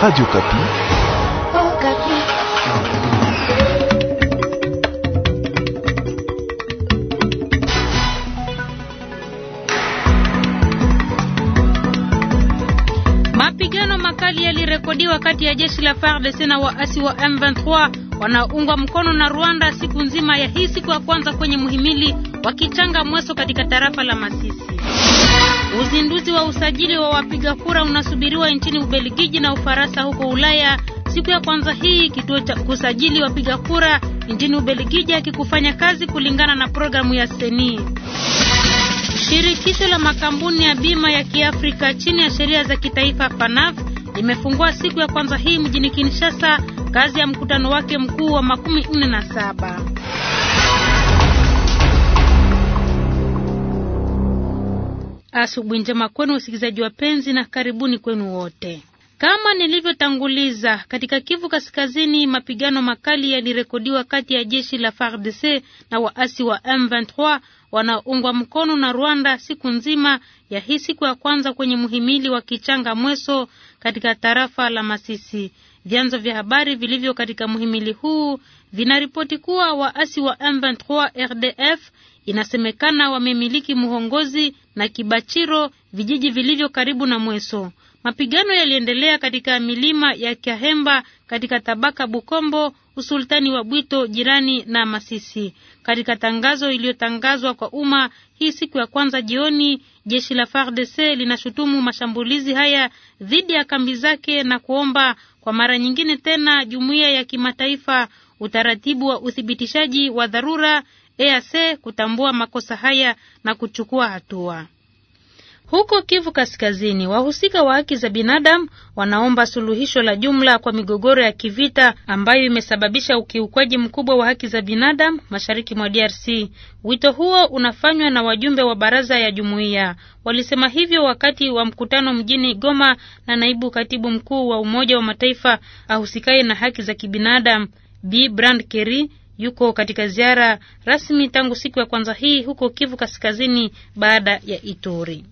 Radio Kapi. Oh, Kapi. Mapigano makali yalirekodiwa kati ya jeshi la FARDC e na waasi wa M23 wanaoungwa mkono na Rwanda siku nzima ya hii siku ya kwanza kwenye muhimili wa Kichanga Mweso katika tarafa la Masisi. Uzinduzi wa usajili wa wapiga kura unasubiriwa nchini Ubelgiji na Ufaransa huko Ulaya. Siku ya kwanza hii kituo cha kusajili wapiga kura nchini Ubelgiji akikufanya kazi kulingana na programu ya Seni. Shirikisho la makampuni ya bima ya Kiafrika chini ya sheria za kitaifa PANAF imefungua siku ya kwanza hii mjini Kinshasa kazi ya mkutano wake mkuu wa makumi nne na saba. Asubuhi njema kwenu wasikilizaji wapenzi, na karibuni kwenu wote. Kama nilivyotanguliza, katika Kivu Kaskazini, mapigano makali yalirekodiwa kati ya jeshi la FARDC na waasi wa M23 wanaoungwa mkono na Rwanda siku nzima ya hii siku ya kwanza kwenye mhimili wa Kichanga Mweso katika tarafa la Masisi. Vyanzo vya habari vilivyo katika mhimili huu vinaripoti kuwa waasi wa M23 RDF Inasemekana wamemiliki Muhongozi na Kibachiro, vijiji vilivyo karibu na Mweso. Mapigano yaliendelea katika milima ya Kyahemba katika tabaka Bukombo, usultani wa Bwito jirani na Masisi. Katika tangazo iliyotangazwa kwa umma hii siku ya kwanza jioni, jeshi la FARDC linashutumu mashambulizi haya dhidi ya kambi zake na kuomba kwa mara nyingine tena jumuiya ya kimataifa utaratibu wa uthibitishaji wa dharura EAC kutambua makosa haya na kuchukua hatua. Huko Kivu Kaskazini, wahusika wa haki za binadamu wanaomba suluhisho la jumla kwa migogoro ya kivita ambayo imesababisha ukiukwaji mkubwa wa haki za binadamu mashariki mwa DRC. Wito huo unafanywa na wajumbe wa baraza ya jumuiya. Walisema hivyo wakati wa mkutano mjini Goma na naibu katibu mkuu wa Umoja wa Mataifa ahusikaye na haki za kibinadamu b Brand Kerry yuko katika ziara rasmi tangu siku ya kwanza hii huko Kivu Kaskazini baada ya Ituri.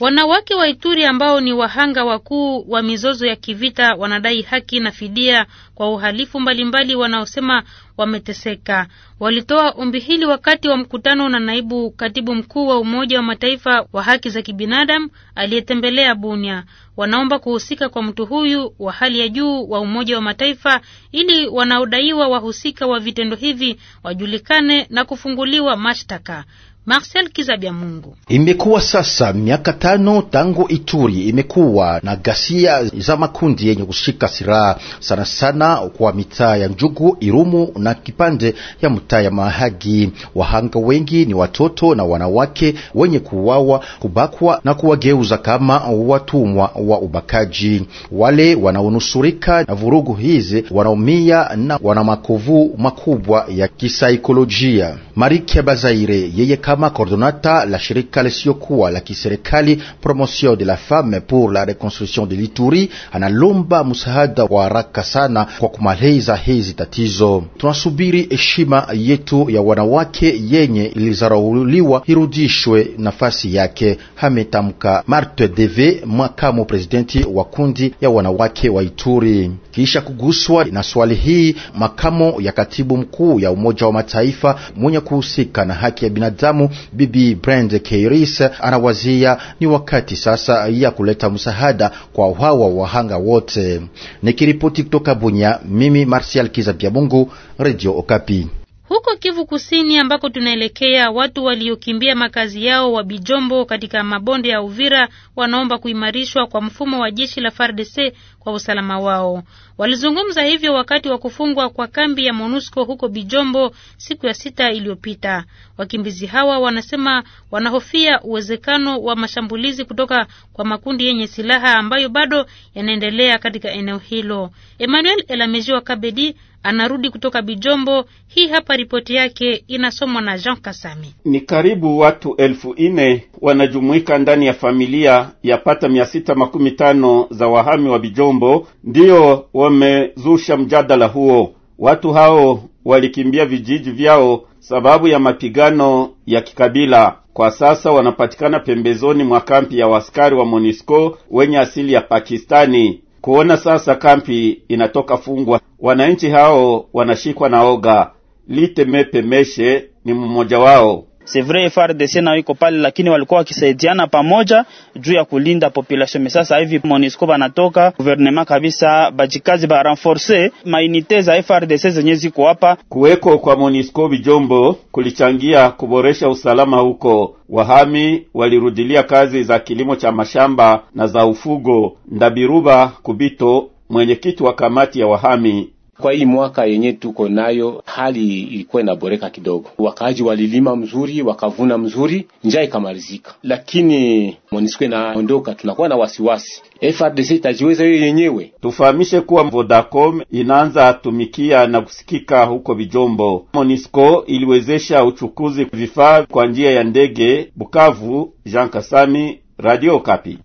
Wanawake wa Ituri ambao ni wahanga wakuu wa mizozo ya kivita wanadai haki na fidia kwa uhalifu mbalimbali wanaosema wameteseka. Walitoa ombi hili wakati wa mkutano na naibu katibu mkuu wa Umoja wa Mataifa wa haki za kibinadamu aliyetembelea Bunia. Wanaomba kuhusika kwa mtu huyu wa hali ya juu wa Umoja wa Mataifa ili wanaodaiwa wahusika wa vitendo hivi wajulikane na kufunguliwa mashtaka. Marcel Kizabia Mungu. Imekuwa sasa miaka tano tangu Ituri imekuwa na ghasia za makundi yenye kushika silaha sana sana kwa mitaa ya Njugu, Irumu na kipande ya mtaa ya Mahagi. Wahanga wengi ni watoto na wanawake wenye kuuawa, kubakwa na kuwageuza kama watumwa wa ubakaji. Wale wanaonusurika na vurugu hizi wanaumia na wana makovu makubwa ya kisaikolojia. Marikia Bazaire yeye kama coordonata la shirika lisiyokuwa la kiserikali Promotion de la Femme pour la Reconstruction de Lituri analomba msaada wa haraka sana kwa kumaliza hizi tatizo. Tunasubiri heshima yetu ya wanawake yenye ilizarauliwa irudishwe nafasi yake, hametamka Marte Deve, makamu presidenti wa kundi ya wanawake wa Ituri. Kisha kuguswa na swali hii, makamo ya katibu mkuu ya Umoja wa Mataifa mwenye kuhusika na haki ya binadamu Kiislamu Bibi Brand Keiris anawazia ni wakati sasa ya kuleta msaada kwa hawa wahanga wote. Nikiripoti kutoka Bunya, mimi Martial ya Mungu, Radio Okapi. Huko Kivu Kusini ambako tunaelekea, watu waliokimbia makazi yao wa Bijombo katika mabonde ya Uvira wanaomba kuimarishwa kwa mfumo wa jeshi la FARDC kwa usalama wao. Walizungumza hivyo wakati wa kufungwa kwa kambi ya MONUSCO huko Bijombo siku ya sita iliyopita. Wakimbizi hawa wanasema wanahofia uwezekano wa mashambulizi kutoka kwa makundi yenye silaha ambayo bado yanaendelea katika eneo hilo. Emmanuel Elamejiwa Kabedi anarudi kutoka Bijombo. Hii hapa ripoti yake, inasomwa na Jean Kasami. Ni karibu watu elfu ine wanajumuika ndani ya familia pata mia sita makumi tano za wahami wa Bijombo vyombo ndiyo wamezusha mjadala huo. Watu hao walikimbia vijiji vyao sababu ya mapigano ya kikabila. Kwa sasa wanapatikana pembezoni mwa kampi ya waskari wa Monisco wenye asili ya Pakistani. Kuona sasa kampi inatoka fungwa, wananchi hao wanashikwa na oga. Lite Mepe Meshe ni mmoja wao. C'est vrai FARDC nao iko pale, lakini walikuwa wakisaidiana pamoja juu ya kulinda population. Sasa hivi MONUSCO banatoka gouvernement kabisa, bajikazi ba renforcer mainite za FARDC zenye ziko hapa. Kuweko kwa MONUSCO Bijombo kulichangia kuboresha usalama huko. Wahami walirudilia kazi za kilimo cha mashamba na za ufugo. Ndabiruba Kubito, mwenyekiti wa kamati ya wahami kwa hii mwaka yenye tuko nayo, hali ilikuwa inaboreka kidogo, wakaaji walilima mzuri, wakavuna mzuri, njaa ikamalizika. Lakini monisco inaondoka, tunakuwa na wasiwasi FRDC itajiweza hiyo yenyewe. Tufahamishe kuwa Vodacom inaanza tumikia na kusikika huko Bijombo. monisco iliwezesha uchukuzi vifaa kwa njia ya ndege Bukavu. Jean Kasami, Radio Kapi.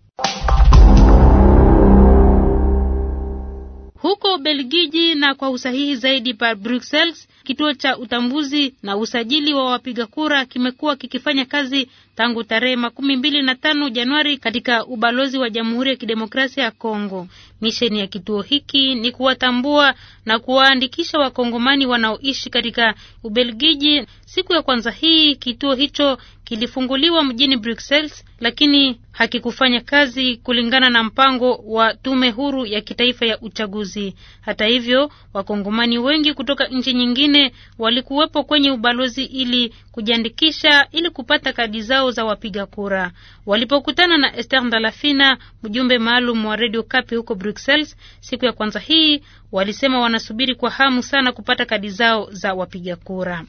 huko Belgiji na kwa usahihi zaidi pa Brussels, kituo cha utambuzi na usajili wa wapiga kura kimekuwa kikifanya kazi tangu tarehe makumi mbili na tano Januari katika ubalozi wa Jamhuri ya Kidemokrasia ya Kongo. Misheni ya kituo hiki ni kuwatambua na kuwaandikisha Wakongomani wanaoishi katika Ubelgiji. Siku ya kwanza hii kituo hicho kilifunguliwa mjini Bruxelles, lakini hakikufanya kazi kulingana na mpango wa tume huru ya kitaifa ya uchaguzi. Hata hivyo, wakongomani wengi kutoka nchi nyingine walikuwepo kwenye ubalozi ili kujiandikisha ili kupata kadi zao za wapiga kura. Walipokutana na Esther Ndalafina, mjumbe maalum wa Radio Kapi huko Bruxelles siku ya kwanza hii, walisema wanasubiri kwa hamu sana kupata kadi zao za wapiga kura.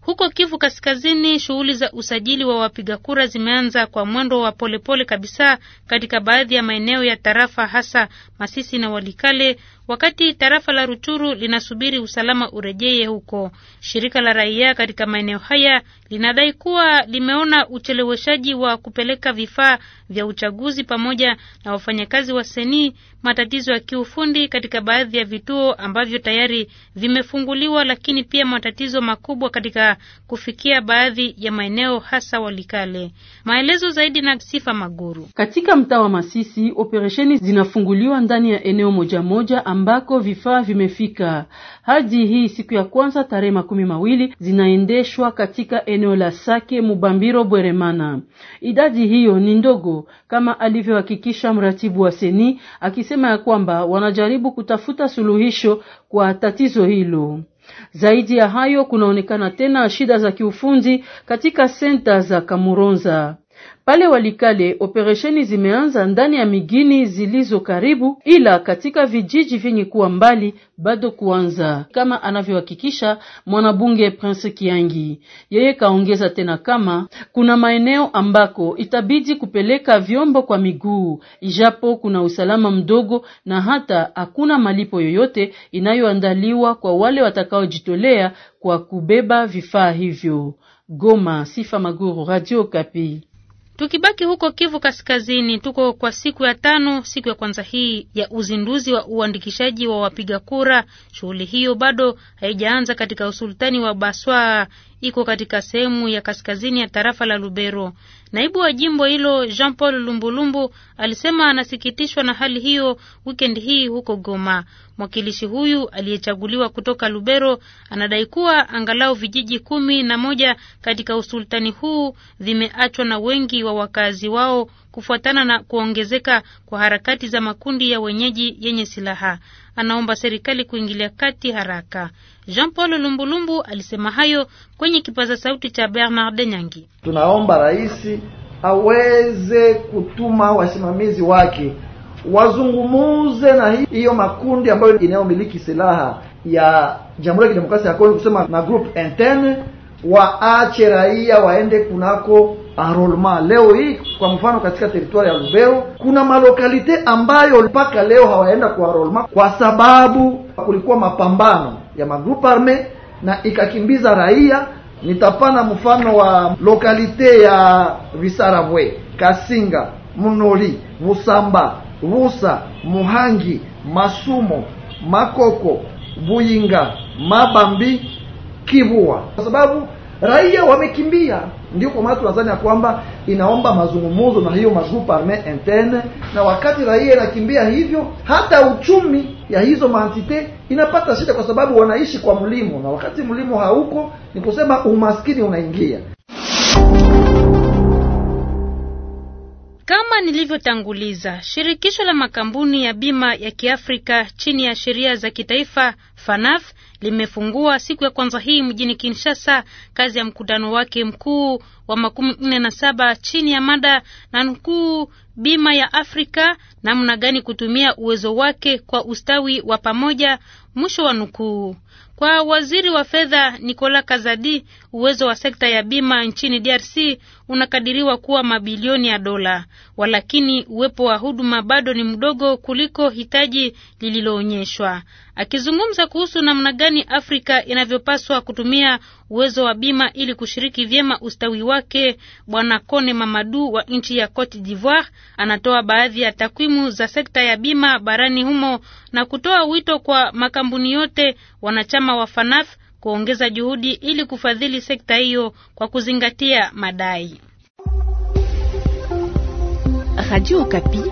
Huko Kivu Kaskazini, shughuli za usajili wa wapiga kura zimeanza kwa mwendo wa polepole kabisa katika baadhi ya maeneo ya tarafa, hasa Masisi na Walikale, wakati tarafa la Ruchuru linasubiri usalama urejee huko. Shirika la raia katika maeneo haya linadai kuwa limeona ucheleweshaji wa kupeleka vifaa vya uchaguzi pamoja na wafanyakazi wa seni, matatizo ya kiufundi katika baadhi ya vituo ambavyo tayari vimefunguliwa, lakini pia matatizo makubwa katika kufikia baadhi ya maeneo hasa Walikale. Maelezo zaidi na Sifa Maguru. Katika mtaa wa Masisi, operesheni zinafunguliwa ndani ya eneo moja moja ambako vifaa vimefika. Hadi hii siku ya kwanza tarehe makumi mawili zinaendeshwa katika eneo la Sake Mubambiro Bweremana. Idadi hiyo ni ndogo kama alivyohakikisha mratibu wa Seni akisema ya kwamba wanajaribu kutafuta suluhisho kwa tatizo hilo. Zaidi ya hayo kunaonekana tena shida za kiufundi katika senta za Kamuronza. Pale Walikale operesheni zimeanza ndani ya migini zilizo karibu, ila katika vijiji vyenye kuwa mbali bado kuanza, kama anavyohakikisha mwanabunge Prince Kiangi. Yeye kaongeza tena kama kuna maeneo ambako itabidi kupeleka vyombo kwa miguu, ijapo kuna usalama mdogo na hata hakuna malipo yoyote inayoandaliwa kwa wale watakaojitolea kwa kubeba vifaa hivyo. Goma, Sifa Maguru, Radio Kapi. Tukibaki huko Kivu Kaskazini, tuko kwa siku ya tano, siku ya kwanza hii ya uzinduzi wa uandikishaji wa wapiga kura. Shughuli hiyo bado haijaanza katika usultani wa Baswa iko katika sehemu ya kaskazini ya tarafa la Lubero. Naibu wa jimbo hilo Jean Paul Lumbulumbu alisema anasikitishwa na hali hiyo weekend hii huko Goma. Mwakilishi huyu aliyechaguliwa kutoka Lubero anadai kuwa angalau vijiji kumi na moja katika usultani huu vimeachwa na wengi wa wakazi wao kufuatana na kuongezeka kwa harakati za makundi ya wenyeji yenye silaha. Anaomba serikali kuingilia kati haraka. Jean Paul Lumbulumbu alisema hayo kwenye kipaza sauti cha Bernard Nyangi. Tunaomba rais aweze kutuma wasimamizi wake wazungumuze na hiyo makundi ambayo inayomiliki silaha ya Jamhuri ya Kidemokrasia ya Kongo, kusema na group interne waache raia waende kunako arolma leo hii kwa mfano katika teritwari ya Lubero kuna malokalite ambayo mpaka leo hawaenda kwa arolma kwa sababu kulikuwa mapambano ya magroupe arme na ikakimbiza raia. Nitapana mfano wa lokalite ya Visarabwe, Kasinga, Munoli, vusamba Busa, Muhangi, Masumo, Makoko, Buyinga, Mabambi, Kivua kwa sababu raia wamekimbia. Ndio kwa maana ya kwamba inaomba mazungumuzo na hiyo magrupu arme interne, na wakati raia inakimbia hivyo, hata uchumi ya hizo maantite inapata shida, kwa sababu wanaishi kwa mlimo, na wakati mlimo hauko, ni kusema umaskini unaingia. Kama nilivyotanguliza, shirikisho la makampuni ya bima ya Kiafrika chini ya sheria za kitaifa FANAF limefungua siku ya kwanza hii mjini Kinshasa kazi ya mkutano wake mkuu wa makumi nne na saba chini ya mada na nukuu, bima ya Afrika, namna gani kutumia uwezo wake kwa ustawi wa pamoja, mwisho wa nukuu. Kwa waziri wa fedha Nicolas Kazadi, uwezo wa sekta ya bima nchini DRC unakadiriwa kuwa mabilioni ya dola, walakini uwepo wa huduma bado ni mdogo kuliko hitaji lililoonyeshwa. Akizungumza kuhusu namna gani Afrika inavyopaswa kutumia uwezo wa bima ili kushiriki vyema ustawi wake. Bwana Kone Mamadu wa nchi ya Cote d'Ivoire anatoa baadhi ya takwimu za sekta ya bima barani humo na kutoa wito kwa makampuni yote wanachama wa FANAF kuongeza juhudi ili kufadhili sekta hiyo kwa kuzingatia madai. Radio Okapi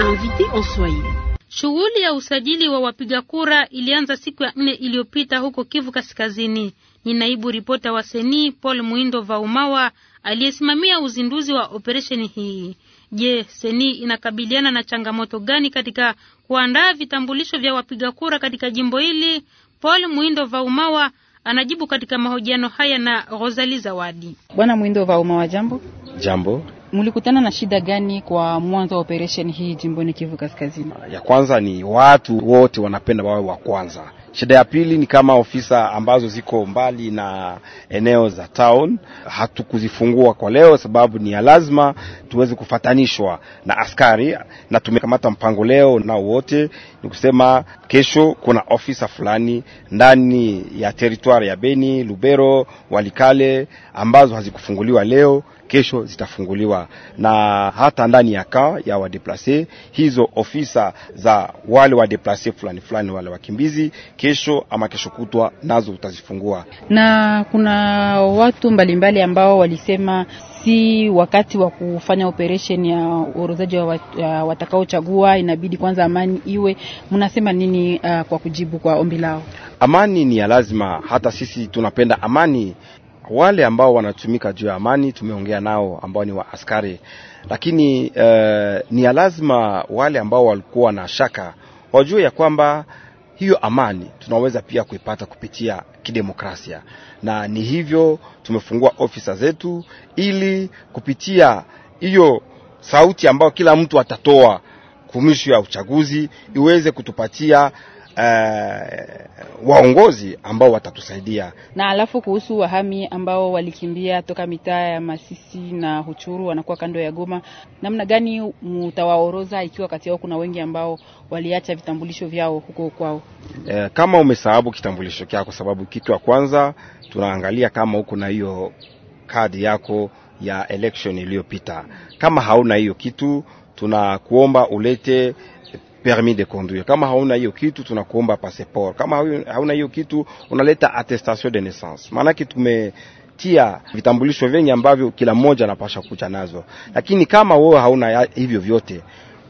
invité en Swahili. Shughuli ya usajili wa wapiga kura ilianza siku ya nne iliyopita huko Kivu Kaskazini. Ni naibu ripota wa Seni Paul Mwindo Vaumawa aliyesimamia uzinduzi wa operesheni hii. Je, Seni inakabiliana na changamoto gani katika kuandaa vitambulisho vya wapiga kura katika jimbo hili? Paul Mwindo Vaumawa anajibu katika mahojiano haya na Rosali Zawadi. Bwana Mwindo Vaumawa, jambo. Jambo. Mlikutana na shida gani kwa mwanzo wa operation hii jimboni Kivu Kaskazini? Ya kwanza ni watu wote wanapenda wawe wa kwanza, Shida ya pili ni kama ofisa ambazo ziko mbali na eneo za town hatukuzifungua kwa leo, sababu ni ya lazima tuweze kufatanishwa na askari, na tumekamata mpango leo nao wote ni kusema kesho kuna ofisa fulani ndani ya teritwari ya Beni, Lubero, Walikale ambazo hazikufunguliwa leo kesho zitafunguliwa na hata ndani ya ka ya wadeplase hizo ofisa za wale wadeplase fulani fulani wale wakimbizi kesho ama kesho kutwa nazo utazifungua. Na kuna watu mbalimbali ambao walisema si wakati wa kufanya operation ya uorozaji wa watakaochagua, inabidi kwanza amani iwe. Mnasema nini uh, kwa kujibu kwa ombi lao? Amani ni ya lazima, hata sisi tunapenda amani. Wale ambao wanatumika juu ya amani tumeongea nao ambao ni wa askari, lakini uh, ni ya lazima wale ambao walikuwa na shaka wajue ya kwamba hiyo amani tunaweza pia kuipata kupitia kidemokrasia, na ni hivyo tumefungua ofisa zetu ili kupitia hiyo sauti ambayo kila mtu atatoa kumishu ya uchaguzi iweze kutupatia uh, waongozi ambao watatusaidia. Na alafu kuhusu wahami ambao walikimbia toka mitaa ya Masisi na Huchuru wanakuwa kando ya Goma, namna gani mtawaoroza ikiwa kati yao kuna wengi ambao waliacha vitambulisho vyao huko kwao? Uh, kama umesahabu kitambulisho kyako, sababu kitu ya kwanza tunaangalia kama huko na hiyo kadi yako ya election iliyopita. Kama hauna hiyo kitu, tunakuomba ulete permis de conduire. Kama hauna hiyo kitu, tunakuomba passeport. Kama hauna hiyo kitu, unaleta attestation de naissance, maanake tume tia vitambulisho vingi ambavyo kila mmoja anapasha kucha nazo, lakini kama wewe hauna hivyo vyote,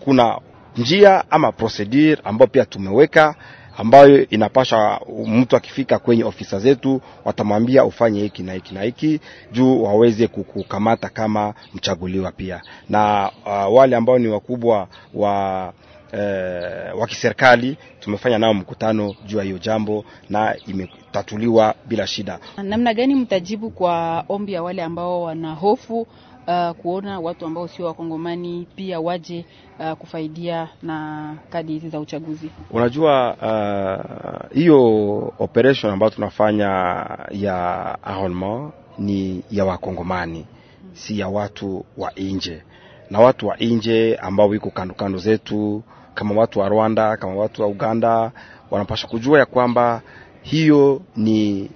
kuna njia ama procedure ambayo pia tumeweka ambayo inapasha mtu akifika kwenye ofisa zetu watamwambia ufanye hiki na hiki na hiki, juu waweze kukukamata kama mchaguliwa pia. Na uh, wale ambao ni wakubwa wa eh, wa kiserikali tumefanya nao mkutano juu ya hiyo jambo na imetatuliwa bila shida. Namna gani mtajibu kwa ombi ya wale ambao wanahofu Uh, eh, kuona watu ambao sio wakongomani pia waje uh, kufaidia na kadi hizi za uchaguzi. Unajua eh, hiyo uh, operation ambayo tunafanya ya enrollment ni ya wakongomani si ya watu wa nje, na watu wa nje ambao wiko kando kando zetu kama watu wa Rwanda, kama watu wa Uganda, wanapaswa kujua ya kwamba hiyo ni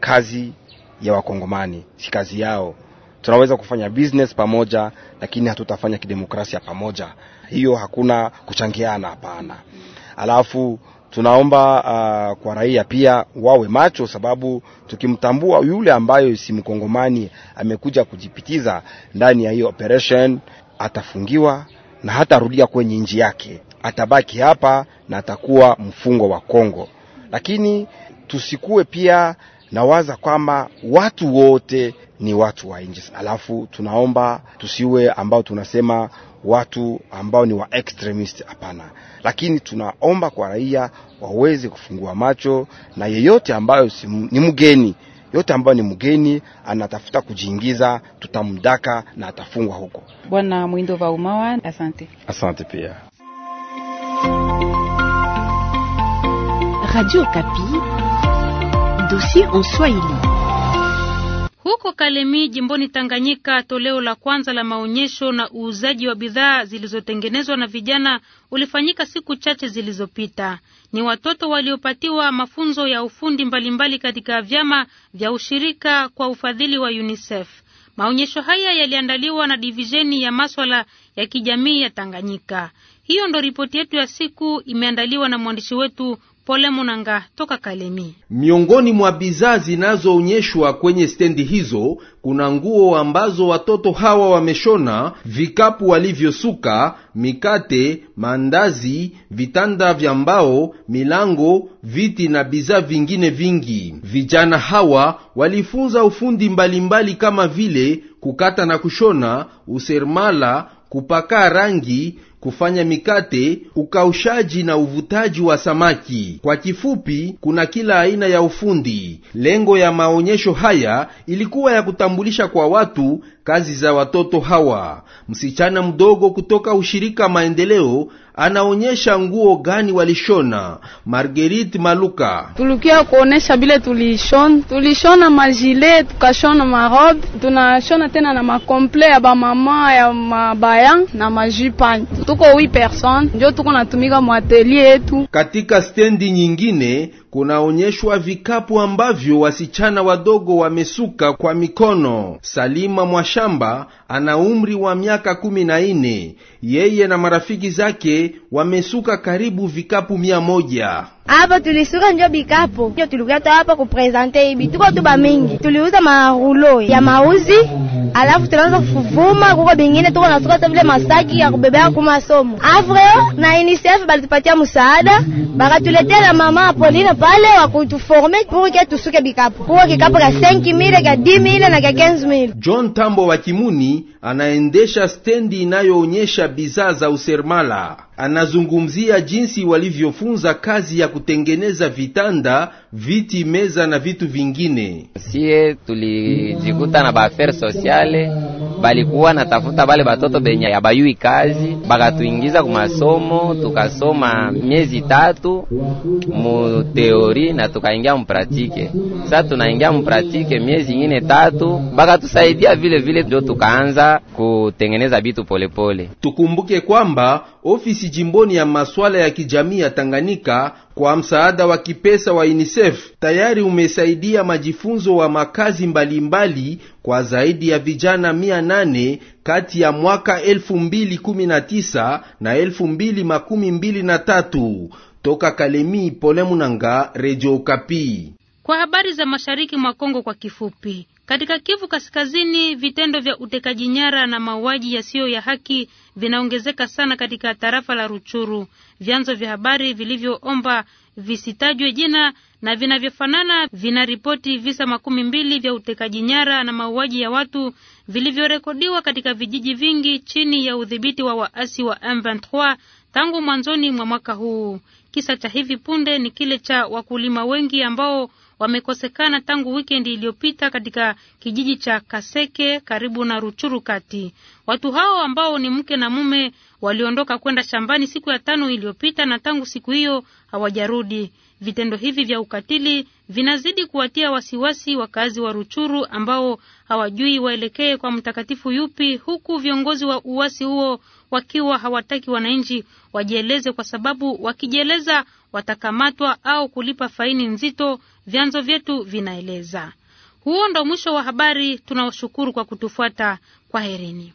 kazi ya Wakongomani, si kazi yao. Tunaweza kufanya business pamoja, lakini hatutafanya kidemokrasia pamoja. Hiyo hakuna kuchangiana, hapana. Alafu tunaomba uh, kwa raia pia wawe macho, sababu tukimtambua yule ambayo si mkongomani amekuja kujipitiza ndani ya hiyo operation atafungiwa na hatarudia kwenye nji yake, atabaki hapa na atakuwa mfungwa wa Kongo. Lakini tusikuwe pia nawaza kwamba watu wote ni watu wa nji alafu tunaomba tusiwe ambao tunasema watu ambao ni wa extremist. Hapana, lakini tunaomba kwa raia waweze kufungua macho na yeyote ambayo ni mgeni yote ambayo ni mgeni anatafuta kujiingiza, tutamdaka na atafungwa huko. Bwana Mwindo va Umawa, asante. Asante pia Radio Kapi, dossier en Swahili. Huko Kalemi jimboni Tanganyika, toleo la kwanza la maonyesho na uuzaji wa bidhaa zilizotengenezwa na vijana ulifanyika siku chache zilizopita. Ni watoto waliopatiwa mafunzo ya ufundi mbalimbali katika vyama vya ushirika kwa ufadhili wa UNICEF. Maonyesho haya yaliandaliwa na divisheni ya maswala ya kijamii ya Tanganyika. Hiyo ndo ripoti yetu ya siku, imeandaliwa na mwandishi wetu Pole Munanga toka Kalemi. Miongoni mwa bidhaa zinazoonyeshwa kwenye stendi hizo kuna nguo ambazo watoto hawa wameshona, vikapu walivyosuka, mikate, mandazi, vitanda vya mbao, milango, viti na bidhaa vingine vingi. Vijana hawa walifunza ufundi mbalimbali mbali kama vile kukata na kushona, useremala, kupaka rangi kufanya mikate, ukaushaji na uvutaji wa samaki. Kwa kifupi, kuna kila aina ya ufundi. Lengo ya maonyesho haya ilikuwa ya kutambulisha kwa watu kazi za watoto hawa. Msichana mdogo kutoka ushirika Maendeleo anaonyesha nguo gani walishona. Marguerite Maluka: tulikia kuonesha bile tulishona, tulishona majile, tukashona marobe, tunashona tena na makomple ya bamama ya mabaya na majupani tuko wi person ndio tuko natumika mwateli yetu. Katika stendi nyingine kunaonyeshwa vikapu ambavyo wasichana wadogo wamesuka kwa mikono. Salima Mwashamba ana umri wa miaka kumi na nne. Yeye na marafiki zake wamesuka karibu vikapu mia moja. Hapa tulisuka njo bikapu njo tulikata hapa kuprezante hivi, tuko tuba mingi, tuliuza marulo ya mauzi alafu tunaanza kuvuma kuko bingine tuko nasuka hata vile masaki ya kubebea kwa masomo afreo na UNICEF balitupatia msaada bakatuletea na mama Apolina pale wakutuforme pour que tusuke bikapo kuko kikapo ka 5000 ka 10000 na ka 15000. John Tambo wa Kimuni anaendesha stendi inayoonyesha bidhaa za usermala anazungumzia jinsi walivyofunza kazi ya kutengeneza vitanda viti, meza na vitu vingine. Sie tulijikuta na baafere sosiale balikuwa natafuta bale batoto benye ya bayui kazi, bakatuingiza ku masomo, tukasoma miezi tatu mu teori na tukaingia mupratike. Sasa tunaingia mupratike miezi ingine tatu, bakatusaidia vile vile, ndio tukaanza kutengeneza bitu polepole pole. Tukumbuke kwamba ofisi jimboni ya masuala ya kijamii ya Tanganyika kwa msaada wa kipesa wa UNICEF tayari umesaidia majifunzo wa makazi mbalimbali mbali kwa zaidi ya vijana 800 kati ya mwaka 2019 na 2023. Toka Kalemi, Pole Munanga, Redio Okapi. Kwa habari za mashariki mwa Kongo kwa kifupi katika Kivu Kaskazini, vitendo vya utekaji nyara na mauaji yasiyo ya haki vinaongezeka sana katika tarafa la Ruchuru. Vyanzo vya habari vilivyoomba visitajwe jina na vinavyofanana vinaripoti visa makumi mbili vya utekaji nyara na mauaji ya watu vilivyorekodiwa katika vijiji vingi chini ya udhibiti wa waasi wa M23 tangu mwanzoni mwa mwaka huu. Kisa cha hivi punde ni kile cha wakulima wengi ambao wamekosekana tangu wikendi iliyopita katika kijiji cha Kaseke karibu na Ruchuru Kati. Watu hao ambao ni mke na mume waliondoka kwenda shambani siku ya tano iliyopita na tangu siku hiyo hawajarudi. Vitendo hivi vya ukatili vinazidi kuwatia wasiwasi wakazi wa Ruchuru ambao hawajui waelekee kwa mtakatifu yupi, huku viongozi wa uasi huo wakiwa hawataki wananchi wajieleze, kwa sababu wakijieleza watakamatwa au kulipa faini nzito, vyanzo vyetu vinaeleza. Huo ndo mwisho wa habari. Tunawashukuru kwa kutufuata. Kwaherini.